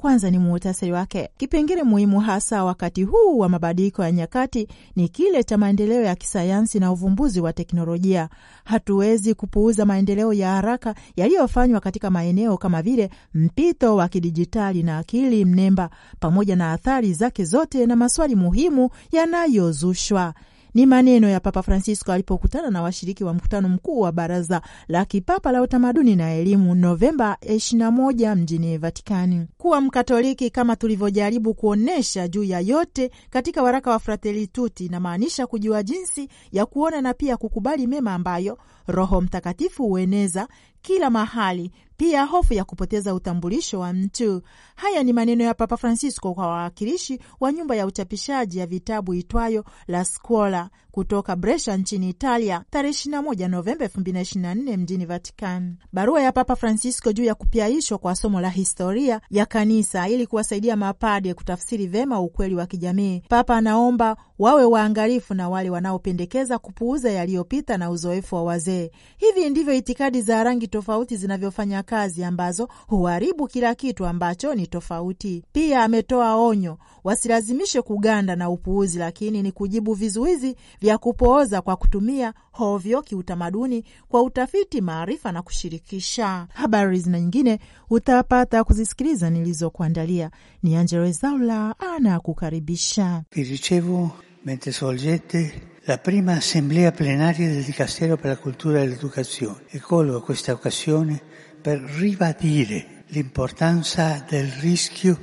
kwanza ni muhtasari wake. Kipengele muhimu hasa wakati huu wa mabadiliko ya nyakati ni kile cha maendeleo ya kisayansi na uvumbuzi wa teknolojia. Hatuwezi kupuuza maendeleo ya haraka yaliyofanywa katika maeneo kama vile mpito wa kidijitali na akili mnemba, pamoja na athari zake zote na maswali muhimu yanayozushwa. Ni maneno ya Papa Francisco alipokutana na washiriki wa mkutano mkuu wa Baraza la Kipapa la Utamaduni na Elimu Novemba 21 mjini Vatikani. Kuwa Mkatoliki, kama tulivyojaribu kuonyesha juu ya yote katika waraka wa Fratelli Tutti, inamaanisha kujua jinsi ya kuona na pia kukubali mema ambayo Roho Mtakatifu hueneza kila mahali pia hofu ya kupoteza utambulisho wa mtu. Haya ni maneno ya Papa Francisco kwa wawakilishi wa nyumba ya uchapishaji ya vitabu itwayo La Scuola kutoka Brescia nchini Italia tarehe 21 Novemba 2024 mjini Vatican. Barua ya Papa Francisco juu ya kupiaishwa kwa somo la historia ya kanisa ili kuwasaidia mapade kutafsiri vema ukweli wa kijamii. Papa anaomba wawe waangalifu na wale wanaopendekeza kupuuza yaliyopita na uzoefu wa wazee. Hivi ndivyo itikadi za rangi tofauti zinavyofanya kazi, ambazo huharibu kila kitu ambacho ni tofauti. Pia ametoa onyo wasilazimishe kuganda na upuuzi, lakini ni kujibu vizuizi vya ya kupooza kwa kutumia hovyo kiutamaduni kwa utafiti, maarifa na kushirikisha. Habari zina nyingine utapata kuzisikiliza nilizokuandalia. Ni Angela Rwezaula anakukaribisha. Vi ricevo mentre svolgete la prima assemblea plenaria del Dicastero per la cultura e l'educazione e colgo questa occasione per ribadire l'importanza del rischio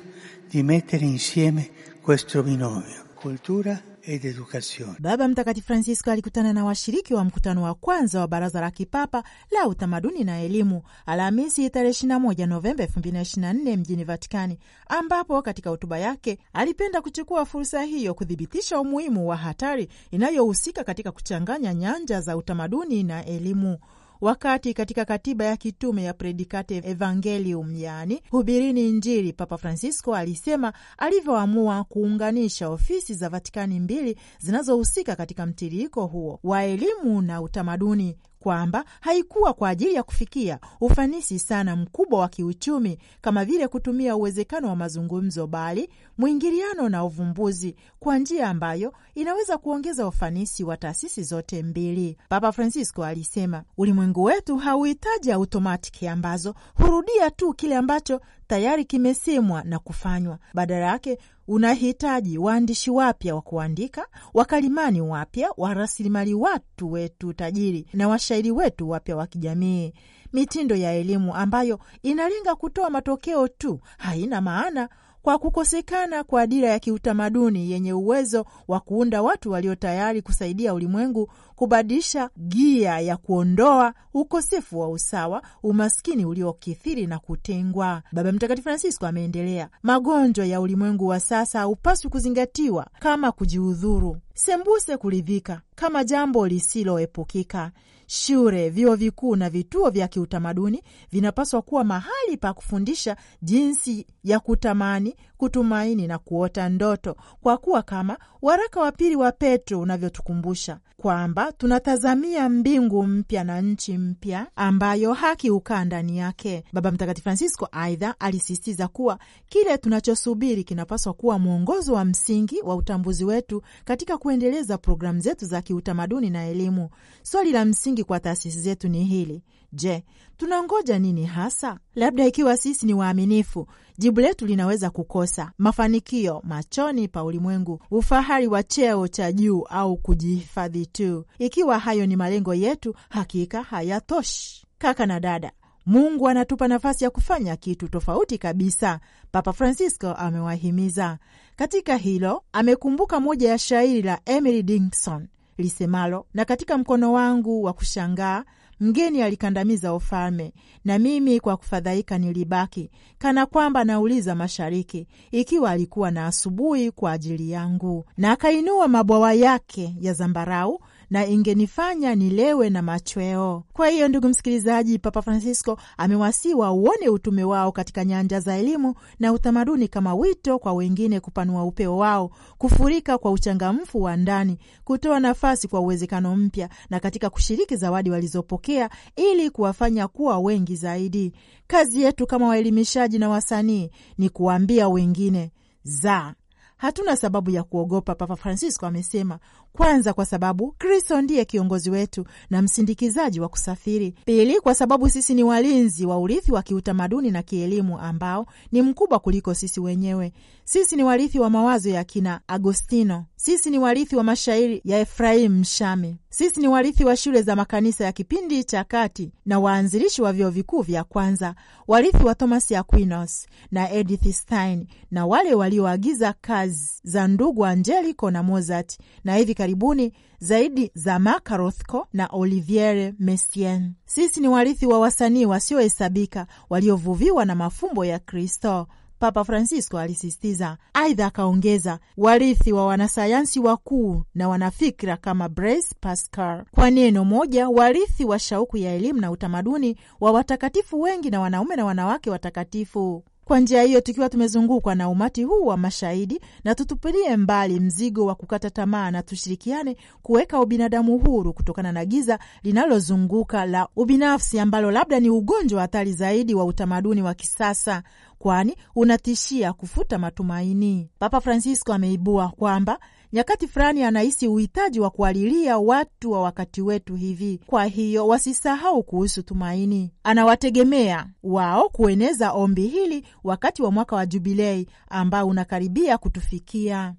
di mettere insieme questo binomio cultura ed educazione. Baba Mtakatifu Francisco alikutana na washiriki wa mkutano wa kwanza wa Baraza la Kipapa la Utamaduni na Elimu Alhamisi tarehe 21 Novemba 2024 mjini Vatikani, ambapo katika hotuba yake alipenda kuchukua fursa hiyo kuthibitisha umuhimu wa hatari inayohusika katika kuchanganya nyanja za utamaduni na elimu. Wakati katika katiba ya kitume ya Predikate Evangelium, yaani hubirini Injili, Papa Francisco alisema alivyoamua kuunganisha ofisi za Vatikani mbili zinazohusika katika mtiririko huo wa elimu na utamaduni kwamba haikuwa kwa ajili ya kufikia ufanisi sana mkubwa wa kiuchumi kama vile kutumia uwezekano wa mazungumzo, bali mwingiliano na uvumbuzi kwa njia ambayo inaweza kuongeza ufanisi wa taasisi zote mbili. Papa Francisco alisema ulimwengu wetu hauhitaji automatiki ambazo hurudia tu kile ambacho tayari kimesemwa na kufanywa. Badala yake unahitaji waandishi wapya wa kuandika, wakalimani wapya wa rasilimali watu wetu tajiri na washairi wetu wapya wa kijamii. Mitindo ya elimu ambayo inalenga kutoa matokeo tu haina maana kwa kukosekana kwa dira ya kiutamaduni yenye uwezo wa kuunda watu walio tayari kusaidia ulimwengu kubadilisha gia ya kuondoa ukosefu wa usawa, umaskini uliokithiri na kutengwa. Baba Mtakatifu Francisco ameendelea, magonjwa ya ulimwengu wa sasa haupaswi kuzingatiwa kama kujiudhuru sembuse kuridhika kama jambo lisiloepukika. Shule, vyuo vikuu na vituo vya kiutamaduni vinapaswa kuwa mahali pa kufundisha jinsi ya kutamani, kutumaini na kuota ndoto, kwa kuwa kama waraka wa pili wa Petro unavyotukumbusha kwamba tunatazamia mbingu mpya na nchi mpya ambayo haki hukaa ndani yake. Baba Mtakatifu Francisco aidha alisisitiza kuwa kile tunachosubiri kinapaswa kuwa mwongozo wa msingi wa utambuzi wetu katika kuendeleza programu zetu za kiutamaduni na elimu. Swali la msingi kwa taasisi zetu ni hili: Je, tunangoja nini hasa? Labda ikiwa sisi ni waaminifu, jibu letu linaweza kukosa mafanikio machoni pa ulimwengu, ufahari wa cheo cha juu au kujihifadhi tu. Ikiwa hayo ni malengo yetu, hakika hayatoshi. Kaka na dada, Mungu anatupa nafasi ya kufanya kitu tofauti kabisa. Papa Francisco amewahimiza katika hilo. Amekumbuka moja ya shairi la Emily Dickinson lisemalo, na katika mkono wangu wa kushangaa Mgeni alikandamiza ufalme, na mimi kwa kufadhaika nilibaki kana kwamba nauliza mashariki ikiwa alikuwa na asubuhi kwa ajili yangu. Na akainua mabwawa yake ya zambarau na ingenifanya nilewe na machweo. Kwa hiyo, ndugu msikilizaji, Papa Francisco amewasii uone utume wao katika nyanja za elimu na utamaduni kama wito kwa wengine kupanua upeo wao, kufurika kwa uchangamfu wa ndani, kutoa nafasi kwa uwezekano mpya, na katika kushiriki zawadi walizopokea ili kuwafanya kuwa wengi zaidi. Kazi yetu kama waelimishaji na wasanii ni kuwaambia wengine za Hatuna sababu ya kuogopa, Papa Francisco amesema. Kwanza, kwa sababu Kristo ndiye kiongozi wetu na msindikizaji wa kusafiri. Pili, kwa sababu sisi ni walinzi wa urithi wa kiutamaduni na kielimu ambao ni mkubwa kuliko sisi wenyewe. Sisi ni warithi wa mawazo ya kina Agostino. Sisi ni warithi wa mashairi ya efraim Mshami. Sisi ni warithi wa shule za makanisa ya kipindi cha kati na waanzilishi wa vyuo vikuu vya kwanza, warithi wa Thomas Aquinas na Edith Stein na wale walioagiza kazi za ndugu Angelico na Mozart na hivi karibuni zaidi za Mark Rothko na Olivier Messiaen. Sisi ni warithi wa wasanii wasiohesabika waliovuviwa na mafumbo ya Kristo, Papa Francisco alisisitiza. Aidha akaongeza, warithi wa wanasayansi wakuu na wanafikira kama Blaise Pascal, kwa neno moja, warithi wa shauku ya elimu na utamaduni wa watakatifu wengi na wanaume na wanawake watakatifu. Kwa njia hiyo, tukiwa tumezungukwa na umati huu wa mashahidi, na tutupilie mbali mzigo wa kukata tamaa na tushirikiane kuweka ubinadamu huru kutokana na giza linalozunguka la ubinafsi, ambalo labda ni ugonjwa hatari zaidi wa utamaduni wa kisasa kwani unatishia kufuta matumaini. Papa Francisco ameibua kwamba Nyakati fulani anahisi uhitaji wa kualilia watu wa wakati wetu hivi, kwa hiyo wasisahau kuhusu tumaini. Anawategemea wao kueneza ombi hili wakati wa mwaka wa Jubilei ambao unakaribia kutufikia,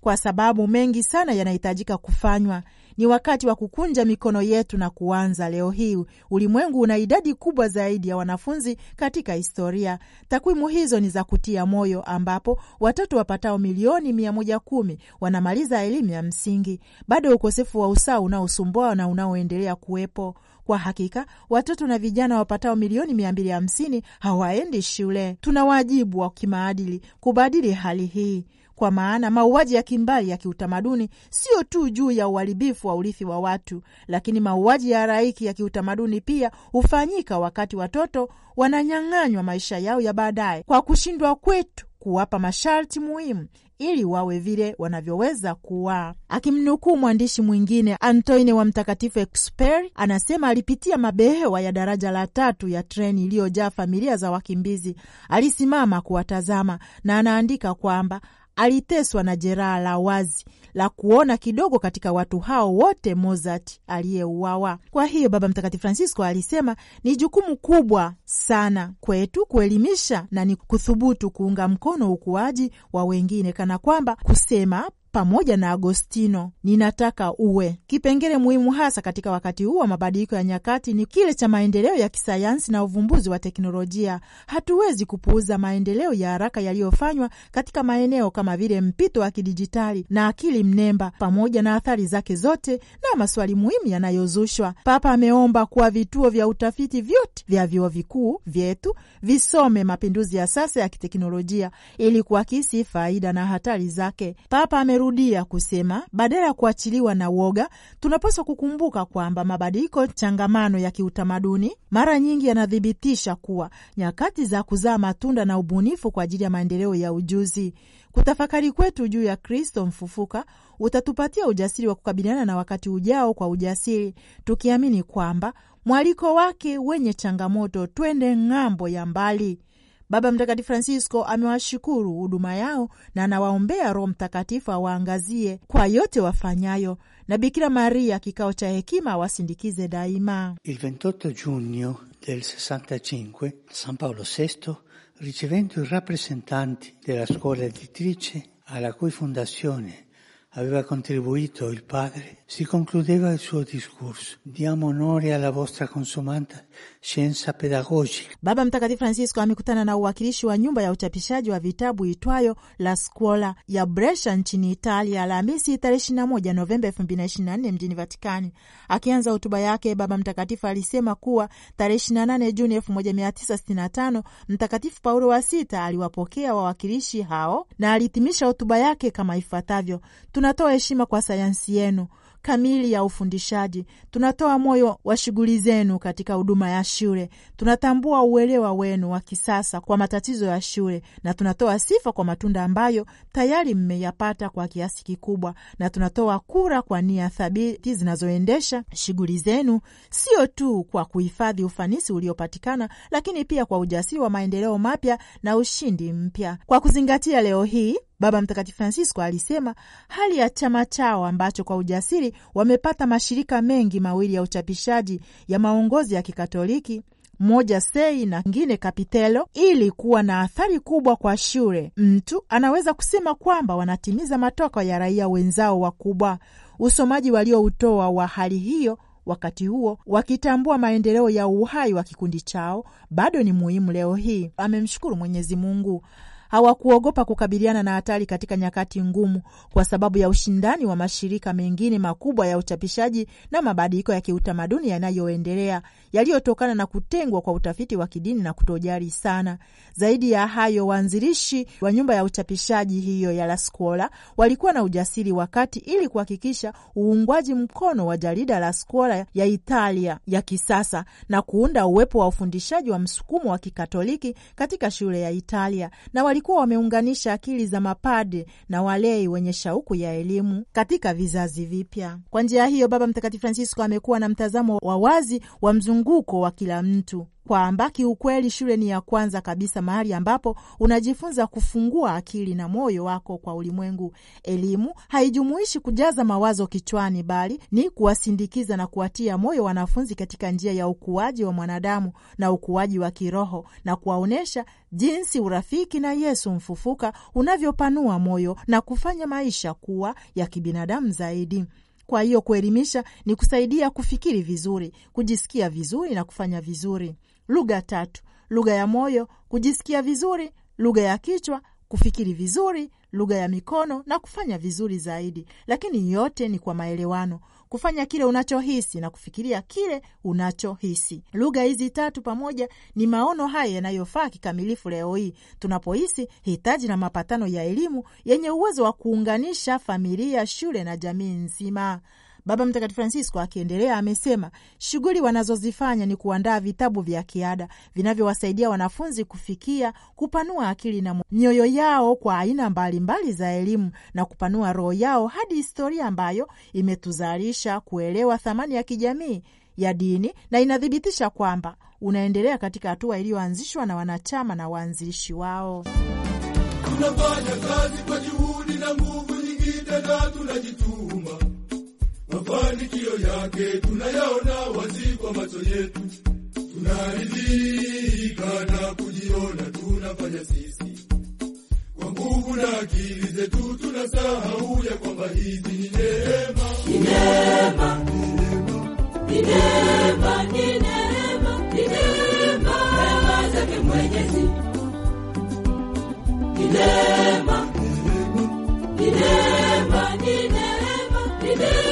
kwa sababu mengi sana yanahitajika kufanywa ni wakati wa kukunja mikono yetu na kuanza. Leo hii ulimwengu una idadi kubwa zaidi ya wanafunzi katika historia. Takwimu hizo ni za kutia moyo, ambapo watoto wapatao milioni mia moja kumi wanamaliza elimu ya msingi. Bado ukosefu wa usawa unaosumbua na unaoendelea kuwepo. Kwa hakika watoto na vijana wapatao milioni mia mbili hamsini hawaendi shule. Tuna wajibu wa kimaadili kubadili hali hii kwa maana mauaji ya kimbali ya kiutamaduni sio tu juu ya uharibifu wa urithi wa watu, lakini mauaji ya halaiki ya kiutamaduni pia hufanyika wakati watoto wananyang'anywa maisha yao ya baadaye kwa kushindwa kwetu kuwapa masharti muhimu ili wawe vile wanavyoweza kuwa. Akimnukuu mwandishi mwingine Antoine wa Mtakatifu Exuperi, anasema alipitia mabehewa ya daraja la tatu ya treni iliyojaa familia za wakimbizi, alisimama kuwatazama, na anaandika kwamba aliteswa na jeraha la wazi la kuona kidogo katika watu hao wote Mozart aliyeuawa. Kwa hiyo Baba Mtakatifu Francisco alisema ni jukumu kubwa sana kwetu kuelimisha na ni kuthubutu kuunga mkono ukuaji wa wengine, kana kwamba kusema pamoja na Agostino ninataka uwe. Kipengele muhimu hasa katika wakati huu wa mabadiliko ya nyakati ni kile cha maendeleo ya kisayansi na uvumbuzi wa teknolojia. Hatuwezi kupuuza maendeleo ya haraka yaliyofanywa katika maeneo kama vile mpito wa kidijitali na akili mnemba, pamoja na athari zake zote na maswali muhimu yanayozushwa. Papa ameomba kuwa vituo vya utafiti vyote vya vyuo vikuu vyetu visome mapinduzi ya sasa ya kiteknolojia ili kuakisi faida na hatari zake. Papa ame amerudia kusema badala ya kuachiliwa na woga tunapaswa kukumbuka kwamba mabadiliko changamano ya kiutamaduni mara nyingi yanathibitisha kuwa nyakati za kuzaa matunda na ubunifu kwa ajili ya maendeleo ya ujuzi. Kutafakari kwetu juu ya Kristo mfufuka utatupatia ujasiri wa kukabiliana na wakati ujao kwa ujasiri, tukiamini kwamba mwaliko wake wenye changamoto, twende ng'ambo ya mbali Baba Mtakatifu Francisco amewashukuru huduma yao na anawaombea Roho Mtakatifu awaangazie kwa yote wafanyayo, na Bikira Maria kikao cha hekima awasindikize daima. Il 28 giugno del 65 San Paolo VI ricevendo i rappresentanti della scuola editrice alla cui fondazione aveva contribuito il Padre, si concludeva il suo discorso. Diamo onore alla vostra consumata scienza pedagogica. Baba Mtakatifu Francisco amekutana na uwakilishi wa nyumba ya uchapishaji wa vitabu itwayo La Scuola ya Brescia nchini Italia Alhamisi tarehe 21 Novemba 2024 mjini Vatikani. Akianza hotuba yake, Baba Mtakatifu alisema kuwa tarehe 28 Juni 1965 Mtakatifu Paulo wa Sita aliwapokea wawakilishi hao na alihitimisha hotuba yake kama ifuatavyo: Tunatoa heshima kwa sayansi yenu kamili ya ufundishaji. Tunatoa moyo wa shughuli zenu katika huduma ya shule. Tunatambua uelewa wenu wa kisasa kwa matatizo ya shule, na tunatoa sifa kwa matunda ambayo tayari mmeyapata kwa kiasi kikubwa, na tunatoa kura kwa nia thabiti zinazoendesha shughuli zenu, sio tu kwa kuhifadhi ufanisi uliopatikana, lakini pia kwa ujasiri wa maendeleo mapya na ushindi mpya, kwa kuzingatia leo hii Baba Mtakatifu Francisco alisema hali ya chama chao ambacho kwa ujasiri wamepata mashirika mengi mawili ya uchapishaji ya maongozi ya Kikatoliki, moja Sei na ngine Kapitelo, ili kuwa na athari kubwa kwa shule. Mtu anaweza kusema kwamba wanatimiza matoko ya raia wenzao wakubwa. Usomaji walioutoa wa hali hiyo wakati huo wakitambua maendeleo ya uhai wa kikundi chao bado ni muhimu leo hii. Amemshukuru Mwenyezi Mungu hawakuogopa kukabiliana na hatari katika nyakati ngumu, kwa sababu ya ushindani wa mashirika mengine makubwa ya uchapishaji na mabadiliko ya kiutamaduni yanayoendelea yaliyotokana na kutengwa kwa utafiti wa kidini na kutojali sana. Zaidi ya hayo, waanzilishi wa nyumba ya uchapishaji hiyo ya La Scuola walikuwa na ujasiri wakati, ili kuhakikisha uungwaji mkono wa jarida la Scuola ya Italia ya kisasa na kuunda uwepo wa ufundishaji wa msukumo wa kikatoliki katika shule ya Italia na wali walikuwa wameunganisha akili za mapade na walei wenye shauku ya elimu katika vizazi vipya. Kwa njia hiyo, Baba Mtakatifu Francisco amekuwa na mtazamo wa wazi wa mzunguko wa kila mtu kwamba kiukweli shule ni ya kwanza kabisa, mahali ambapo unajifunza kufungua akili na moyo wako kwa ulimwengu. Elimu haijumuishi kujaza mawazo kichwani, bali ni kuwasindikiza na kuwatia moyo wanafunzi katika njia ya ukuaji wa mwanadamu na ukuaji wa kiroho na kuwaonyesha jinsi urafiki na Yesu mfufuka unavyopanua moyo na kufanya maisha kuwa ya kibinadamu zaidi. Kwa hiyo kuelimisha ni kusaidia kufikiri vizuri, kujisikia vizuri na kufanya vizuri lugha tatu: lugha ya moyo, kujisikia vizuri; lugha ya kichwa, kufikiri vizuri; lugha ya mikono, na kufanya vizuri zaidi. Lakini yote ni kwa maelewano, kufanya kile unachohisi na kufikiria kile unachohisi. Lugha hizi tatu pamoja ni maono haya yanayofaa kikamilifu leo hii tunapohisi hitaji na mapatano ya elimu yenye uwezo wa kuunganisha familia, shule na jamii nzima. Baba Mtakatifu Francisco akiendelea amesema shughuli wanazozifanya ni kuandaa vitabu vya kiada vinavyowasaidia wanafunzi kufikia kupanua akili na mioyo yao kwa aina mbalimbali mbali za elimu na kupanua roho yao hadi historia ambayo imetuzalisha kuelewa thamani ya kijamii ya dini na inathibitisha kwamba unaendelea katika hatua iliyoanzishwa na wanachama na waanzilishi wao. Tunafanya kazi kwa juhudi na nguvu nyingi, tena tunajituma mafanikio yake tunayaona wazi kwa macho yetu, tunaridhika na kujiona tunafanya sisi kwa nguvu na akili zetu, tunasahau ya kwamba hizi ni neema, ni neema, neema, neema, neema, neema neema, neema, neema, neema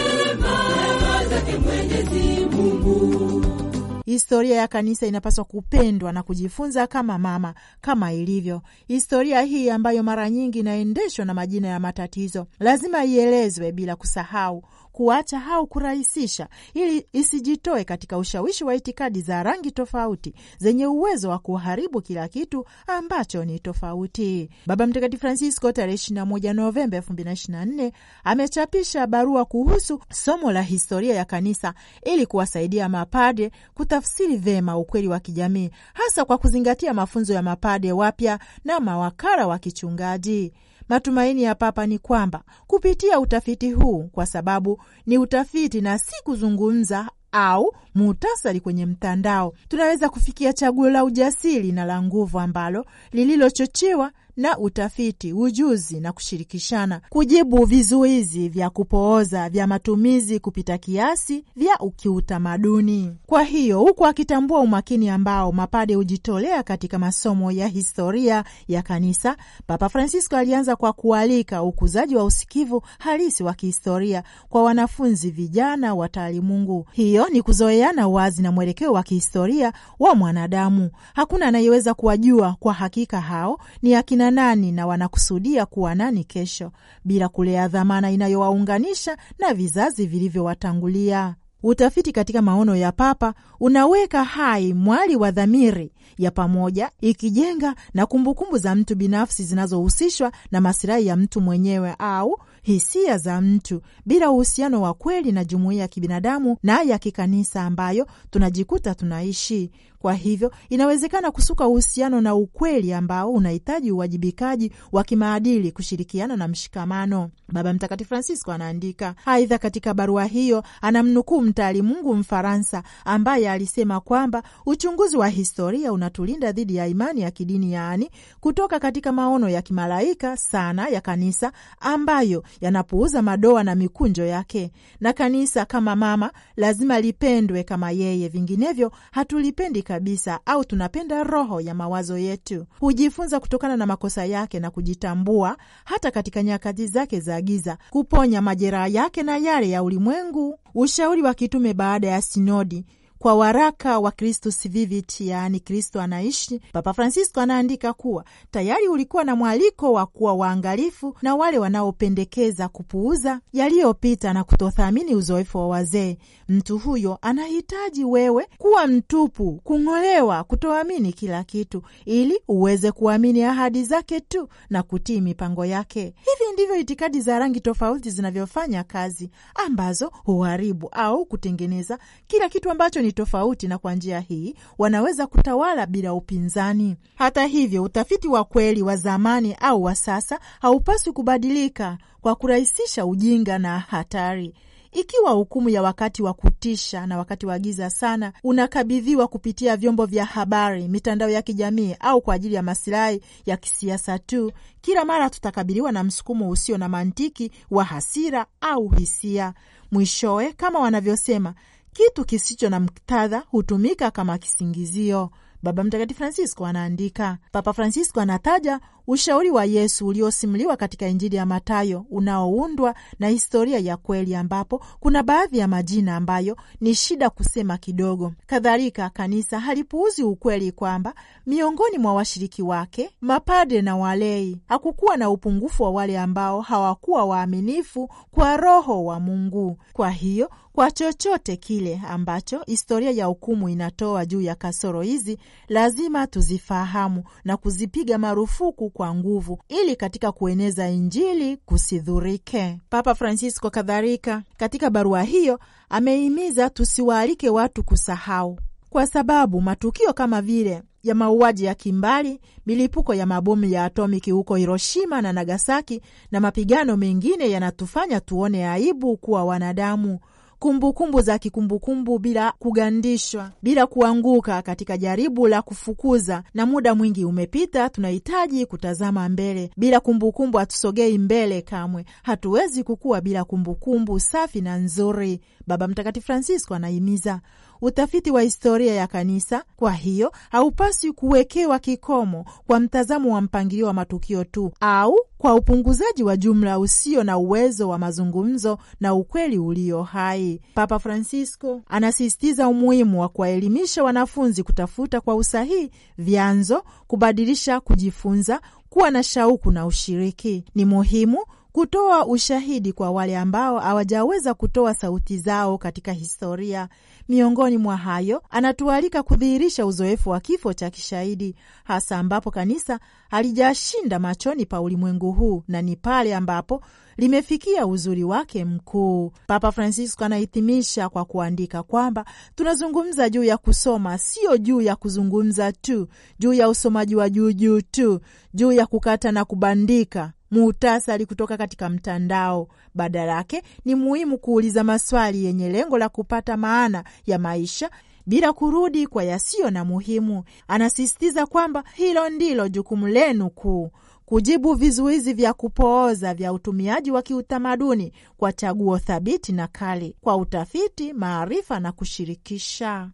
Historia ya kanisa inapaswa kupendwa na kujifunza kama mama, kama ilivyo historia hii ambayo mara nyingi inaendeshwa na majina ya matatizo, lazima ielezwe bila kusahau kuacha au kurahisisha, ili isijitoe katika ushawishi wa itikadi za rangi tofauti zenye uwezo wa kuharibu kila kitu ambacho ni tofauti. Baba Mtakatifu Francisco tarehe 21 Novemba 2024 amechapisha barua kuhusu somo la historia ya kanisa ili kuwasaidia mapade kutafsiri vema ukweli wa kijamii, hasa kwa kuzingatia mafunzo ya mapade wapya na mawakala wa kichungaji. Matumaini ya Papa ni kwamba kupitia utafiti huu, kwa sababu ni utafiti na si kuzungumza au muhtasari kwenye mtandao, tunaweza kufikia chaguo la ujasiri na la nguvu ambalo lililochochewa na utafiti, ujuzi na kushirikishana, kujibu vizuizi vya kupooza vya matumizi kupita kiasi vya ukiutamaduni Kwa hiyo huku akitambua umakini ambao mapade hujitolea katika masomo ya historia ya kanisa, Papa Francisco alianza kwa kualika ukuzaji wa usikivu halisi wa kihistoria kwa wanafunzi vijana wa taalimungu. Hiyo ni kuzoea kuhusiana wazi na mwelekeo wa kihistoria wa mwanadamu. Hakuna anayeweza kuwajua kwa hakika hao ni akina nani na wanakusudia kuwa nani kesho, bila kulea dhamana inayowaunganisha na vizazi vilivyowatangulia. Utafiti katika maono ya Papa unaweka hai mwali wa dhamiri ya pamoja, ikijenga na kumbukumbu za mtu binafsi zinazohusishwa na masilahi ya mtu mwenyewe au hisia za mtu bila uhusiano wa kweli na jumuiya ya kibinadamu na ya kikanisa ambayo tunajikuta tunaishi. Kwa hivyo inawezekana kusuka uhusiano na ukweli ambao unahitaji uwajibikaji wa kimaadili, kushirikiana na mshikamano. Baba Mtakatifu Francisco anaandika. Aidha, katika barua hiyo anamnukuu mungu Mfaransa ambaye alisema kwamba uchunguzi wa historia unatulinda dhidi ya imani ya kidini, yaani kutoka katika maono ya kimalaika sana ya kanisa ambayo yanapuuza madoa na mikunjo yake, na kanisa kama mama lazima lipendwe kama yeye, vinginevyo hatulipendi kabisa au tunapenda roho ya mawazo yetu. Hujifunza kutokana na makosa yake na kujitambua hata katika nyakati zake za giza, kuponya majeraha yake na yale ya ulimwengu. Ushauri wa kitume baada ya sinodi kwa waraka wa Christus Vivit, yaani Kristo anaishi, Papa Francisco anaandika kuwa tayari ulikuwa na mwaliko wa kuwa waangalifu na wale wanaopendekeza kupuuza yaliyopita na kutothamini uzoefu wa wazee. Mtu huyo anahitaji wewe kuwa mtupu, kung'olewa, kutoamini kila kitu, ili uweze kuamini ahadi zake tu na kutii mipango yake. Hivi ndivyo itikadi za rangi tofauti zinavyofanya kazi, ambazo huharibu au kutengeneza kila kitu ambacho ni tofauti, na kwa njia hii wanaweza kutawala bila upinzani. Hata hivyo, utafiti wa kweli wa zamani au wa sasa haupaswi kubadilika kwa kurahisisha ujinga na hatari. Ikiwa hukumu ya wakati wa kutisha na wakati wa giza sana unakabidhiwa kupitia vyombo vya habari, mitandao ya kijamii, au kwa ajili ya masilahi ya kisiasa tu, kila mara tutakabiliwa na msukumo usio na mantiki wa hasira au hisia. Mwishowe, kama wanavyosema kitu kisicho na mktadha hutumika kama kisingizio. Baba Mtakatifu Francisco anaandika. Papa Francisco anataja ushauri wa Yesu uliosimuliwa katika Injili ya Matayo, unaoundwa na historia ya kweli, ambapo kuna baadhi ya majina ambayo ni shida kusema kidogo. Kadhalika, kanisa halipuuzi ukweli kwamba miongoni mwa washiriki wake, mapadre na walei, hakukuwa na upungufu wa wale ambao hawakuwa waaminifu kwa Roho wa Mungu. Kwa hiyo kwa chochote kile ambacho historia ya hukumu inatoa juu ya kasoro hizi, lazima tuzifahamu na kuzipiga marufuku kwa nguvu, ili katika kueneza Injili kusidhurike. Papa Francisco kadhalika, katika barua hiyo, amehimiza tusiwaalike watu kusahau, kwa sababu matukio kama vile ya mauaji ya kimbali, milipuko ya mabomu ya atomiki huko Hiroshima na Nagasaki na mapigano mengine yanatufanya tuone aibu kuwa wanadamu kumbukumbu kumbu za kikumbukumbu bila kugandishwa, bila kuanguka katika jaribu la kufukuza. Na muda mwingi umepita, tunahitaji kutazama mbele. Bila kumbukumbu hatusogei mbele kamwe, hatuwezi kukua bila kumbukumbu kumbu safi na nzuri. Baba Mtakatifu Francisco anahimiza Utafiti wa historia ya kanisa, kwa hiyo, haupaswi kuwekewa kikomo kwa mtazamo wa mpangilio wa matukio tu au kwa upunguzaji wa jumla usio na uwezo wa mazungumzo na ukweli ulio hai. Papa Francisco anasisitiza umuhimu wa kuwaelimisha wanafunzi kutafuta kwa usahihi vyanzo, kubadilisha, kujifunza, kuwa na shauku na ushiriki. Ni muhimu kutoa ushahidi kwa wale ambao hawajaweza kutoa sauti zao katika historia. Miongoni mwa hayo, anatualika kudhihirisha uzoefu wa kifo cha kishahidi, hasa ambapo kanisa halijashinda machoni pa ulimwengu huu, na ni pale ambapo limefikia uzuri wake mkuu. Papa Francisco anahitimisha kwa kuandika kwamba tunazungumza juu ya kusoma, sio juu ya kuzungumza tu, juu ya usomaji wa juu juu tu, juu ya kukata na kubandika muhtasari kutoka katika mtandao. Badala yake ni muhimu kuuliza maswali yenye lengo la kupata maana ya maisha bila kurudi kwa yasiyo na muhimu. Anasisitiza kwamba hilo ndilo jukumu lenu kuu kujibu vizuizi vya kupooza vya utumiaji wa kiutamaduni kwa chaguo thabiti na kali, kwa utafiti, maarifa na kushirikisha.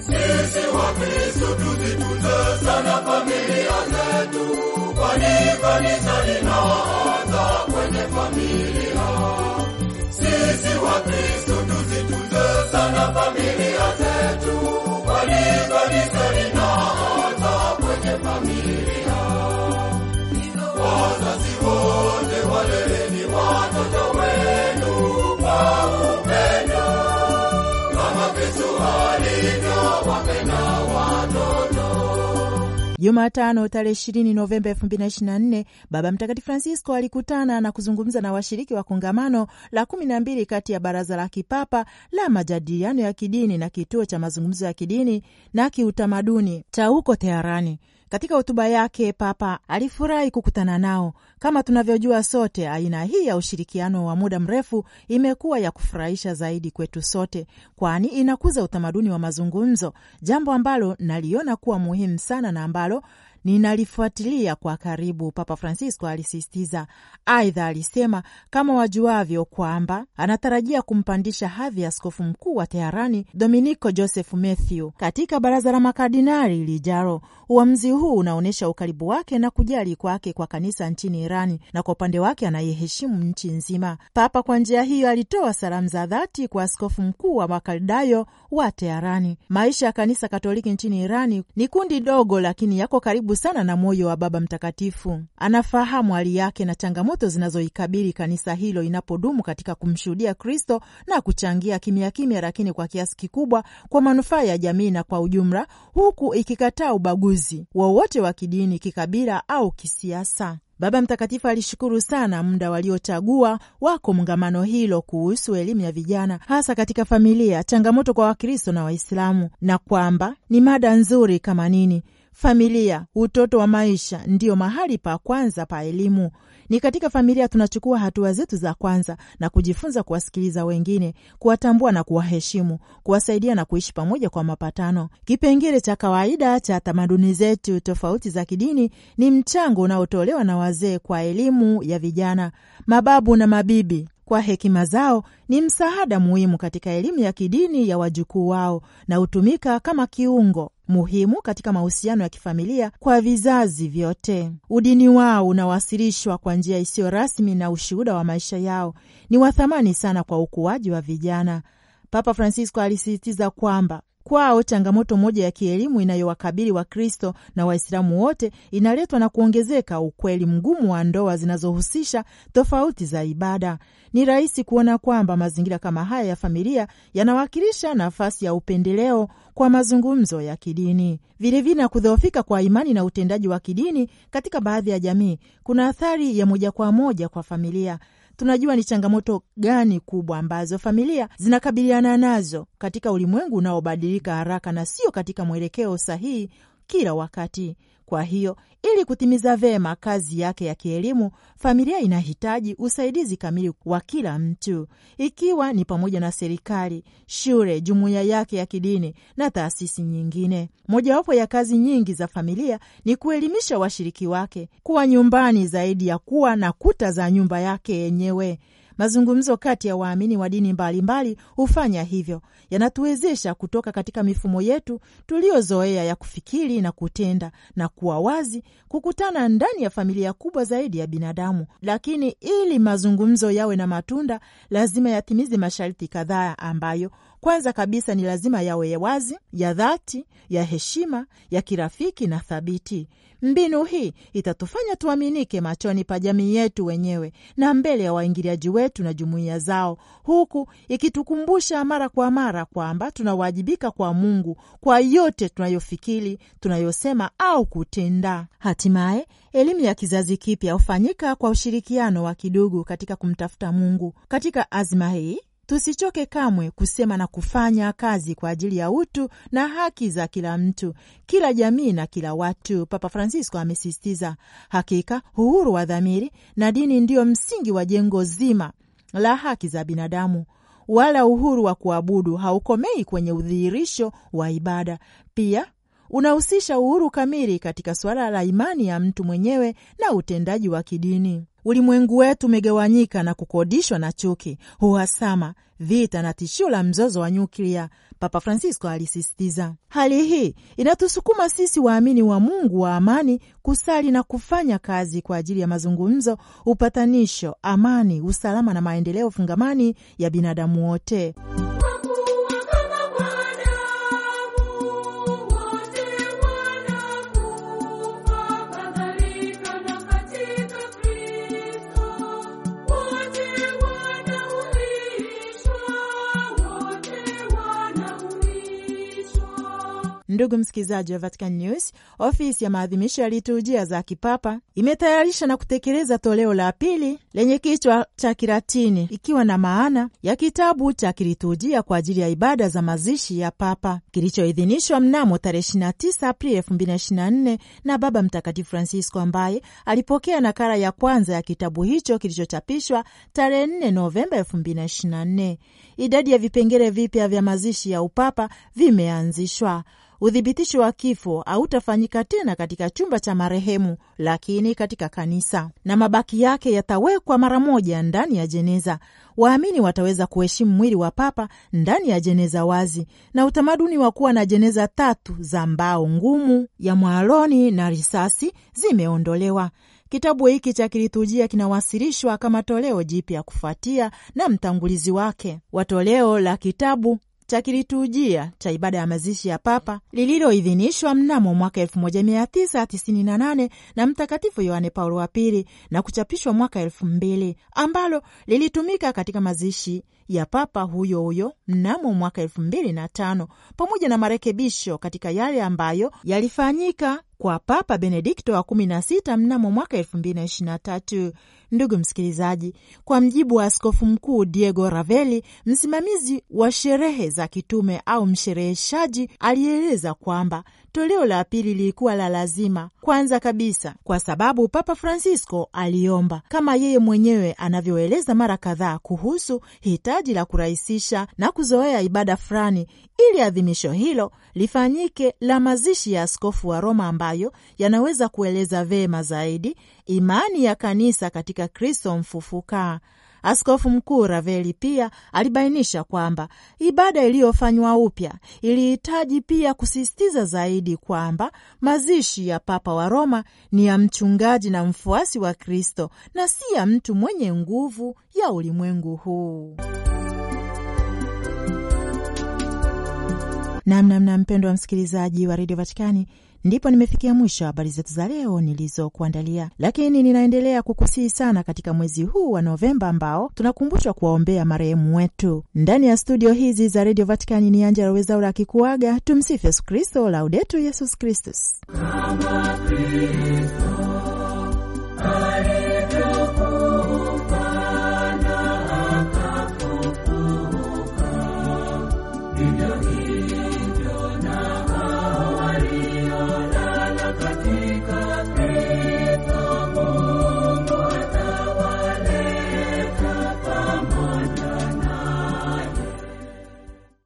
Sisi Wakristo tuzitunze sana familia zetu, kwani kanisa linaanza kwenye familia. Sisi Wakristo tuzitunze sana familia zetu, kwani kanisa linaanza kwenye familia wote wale ni watoto wenu kwa upendo, kama Kristo alivyowapenda watoto. Jumatano tarehe 20 Novemba 2024 Baba Mtakatifu Francisco alikutana na kuzungumza na washiriki wa kongamano la kumi na mbili kati ya Baraza la Kipapa la Majadiliano ya Kidini na Kituo cha Mazungumzo ya Kidini na Kiutamaduni cha huko Teherani. Katika hotuba yake, Papa alifurahi kukutana nao. Kama tunavyojua sote, aina hii ya ushirikiano wa muda mrefu imekuwa ya kufurahisha zaidi kwetu sote, kwani inakuza utamaduni wa mazungumzo, jambo ambalo naliona kuwa muhimu sana na ambalo ninalifuatilia kwa karibu, Papa Francisco alisisitiza. Aidha alisema kama wajuavyo kwamba anatarajia kumpandisha hadhi ya askofu mkuu wa Teherani Dominico Joseph Mathew katika baraza la makardinali lijaro. Uamuzi huu unaonyesha ukaribu wake na kujali kwake kwa kanisa nchini Irani, na kwa upande wake anayeheshimu nchi nzima. Papa kwa njia hiyo alitoa salamu za dhati kwa askofu mkuu wa makaldayo wa Teherani. Maisha ya kanisa Katoliki nchini Irani ni kundi dogo, lakini yako karibu karibu sana na moyo wa Baba Mtakatifu. Anafahamu hali yake na changamoto zinazoikabili kanisa hilo inapodumu katika kumshuhudia Kristo na kuchangia kimya kimya, lakini kwa kiasi kikubwa kwa manufaa ya jamii na kwa ujumla, huku ikikataa ubaguzi wowote wa kidini, kikabila au kisiasa. Baba Mtakatifu alishukuru sana muda waliochagua wa kongamano hilo kuhusu elimu ya vijana hasa katika familia, changamoto kwa Wakristo na Waislamu, na kwamba ni mada nzuri kama nini Familia, utoto wa maisha, ndiyo mahali pa kwanza pa elimu. Ni katika familia tunachukua hatua zetu za kwanza na kujifunza kuwasikiliza wengine, kuwatambua na kuwaheshimu, kuwasaidia na kuishi pamoja kwa mapatano. Kipengele cha kawaida cha tamaduni zetu tofauti za kidini ni mchango unaotolewa na wazee kwa elimu ya vijana. Mababu na mabibi kwa hekima zao ni msaada muhimu katika elimu ya kidini ya wajukuu wao na hutumika kama kiungo muhimu katika mahusiano ya kifamilia kwa vizazi vyote. Udini wao unawasilishwa kwa njia isiyo rasmi na ushuhuda wa maisha yao ni wa thamani sana kwa ukuaji wa vijana. Papa Francisco alisisitiza kwamba kwao changamoto moja ya kielimu inayowakabili Wakristo na Waislamu wote inaletwa na kuongezeka ukweli mgumu wa ndoa zinazohusisha tofauti za ibada. Ni rahisi kuona kwamba mazingira kama haya ya familia yanawakilisha nafasi ya upendeleo kwa mazungumzo ya kidini. Vilevile na kudhoofika kwa imani na utendaji wa kidini katika baadhi ya jamii kuna athari ya moja kwa moja kwa familia tunajua ni changamoto gani kubwa ambazo familia zinakabiliana nazo katika ulimwengu unaobadilika haraka na sio katika mwelekeo sahihi kila wakati. Kwa hiyo ili kutimiza vema kazi yake ya kielimu, familia inahitaji usaidizi kamili wa kila mtu, ikiwa ni pamoja na serikali, shule, jumuiya yake ya kidini na taasisi nyingine. Mojawapo ya kazi nyingi za familia ni kuelimisha washiriki wake kuwa nyumbani zaidi ya kuwa na kuta za nyumba yake yenyewe. Mazungumzo kati ya waamini wa dini mbalimbali hufanya hivyo, yanatuwezesha kutoka katika mifumo yetu tuliyozoea ya kufikiri na kutenda na kuwa wazi kukutana ndani ya familia kubwa zaidi ya binadamu. Lakini ili mazungumzo yawe na matunda, lazima yatimize masharti kadhaa ambayo kwanza kabisa ni lazima yawe ya wazi, ya dhati, ya heshima, ya kirafiki na thabiti. Mbinu hii itatufanya tuaminike machoni pa jamii yetu wenyewe na mbele ya waingiliaji wetu na jumuiya zao, huku ikitukumbusha mara kwa mara kwamba tunawajibika kwa Mungu kwa yote tunayofikiri, tunayosema au kutenda. Hatimaye, elimu ya kizazi kipya hufanyika kwa ushirikiano wa kidugu katika kumtafuta Mungu. Katika azma hii Tusichoke kamwe kusema na kufanya kazi kwa ajili ya utu na haki za kila mtu, kila jamii na kila watu. Papa Francisco amesisitiza, hakika uhuru wa dhamiri na dini ndiyo msingi wa jengo zima la haki za binadamu. Wala uhuru wa kuabudu haukomei kwenye udhihirisho wa ibada, pia unahusisha uhuru kamili katika suala la imani ya mtu mwenyewe na utendaji wa kidini. Ulimwengu wetu umegawanyika na kukodishwa na chuki, uhasama, vita na tishio la mzozo wa nyuklia, Papa Francisco alisisitiza. Hali hii inatusukuma sisi waamini wa Mungu wa amani kusali na kufanya kazi kwa ajili ya mazungumzo, upatanisho, amani, usalama na maendeleo fungamani ya binadamu wote. Ndugu msikilizaji wa Vatican News, ofisi ya maadhimisho ya liturujia za kipapa imetayarisha na kutekeleza toleo la pili lenye kichwa cha Kilatini ikiwa na maana ya kitabu cha kiliturujia kwa ajili ya ibada za mazishi ya papa kilichoidhinishwa mnamo tarehe 29 Aprili 2024 na Baba Mtakatifu Francisco, ambaye alipokea nakala ya kwanza ya kitabu hicho kilichochapishwa tarehe 4 Novemba 2024. Idadi ya vipengele vipya vya mazishi ya upapa vimeanzishwa uthibitisho wa kifo hautafanyika tena katika chumba cha marehemu, lakini katika kanisa, na mabaki yake yatawekwa mara moja ndani ya jeneza. Waamini wataweza kuheshimu mwili wa papa ndani ya jeneza wazi, na utamaduni wa kuwa na jeneza tatu za mbao ngumu ya mwaloni na risasi zimeondolewa. Kitabu hiki cha kiliturujia kinawasilishwa kama toleo jipya kufuatia na mtangulizi wake wa toleo la kitabu cha kiliturujia cha ibada ya mazishi ya papa lililoidhinishwa mnamo mwaka 1998 na Mtakatifu Yohane Paulo wa Pili na kuchapishwa mwaka 2000 ambalo lilitumika katika mazishi ya papa huyo huyo mnamo mwaka 2005 pamoja na marekebisho katika yale ambayo yalifanyika kwa Papa Benedikto wa 16 mnamo mwaka 2023 Ndugu msikilizaji, kwa mjibu wa Askofu Mkuu Diego Raveli, msimamizi wa sherehe za kitume au mshereheshaji, alieleza kwamba Toleo la pili lilikuwa la lazima kwanza kabisa, kwa sababu Papa Francisco aliomba, kama yeye mwenyewe anavyoeleza mara kadhaa, kuhusu hitaji la kurahisisha na kuzoea ibada fulani ili adhimisho hilo lifanyike la mazishi ya askofu wa Roma, ambayo yanaweza kueleza vema zaidi imani ya kanisa katika Kristo mfufuka. Askofu Mkuu Raveli pia alibainisha kwamba ibada iliyofanywa upya ilihitaji pia kusisitiza zaidi kwamba mazishi ya Papa wa Roma ni ya mchungaji na mfuasi wa Kristo na si ya mtu mwenye nguvu ya ulimwengu huu. Namnamna mpendo wa msikilizaji wa redio Vatikani Ndipo nimefikia mwisho habari zetu za leo nilizokuandalia, lakini ninaendelea kukusihi sana katika mwezi huu wa Novemba ambao tunakumbushwa kuwaombea marehemu wetu. Ndani ya studio hizi za redio vaticani ni Angela Rwezaura akikuaga. Tumsifu Yesu Kristo, laudetu Yesus Kristus.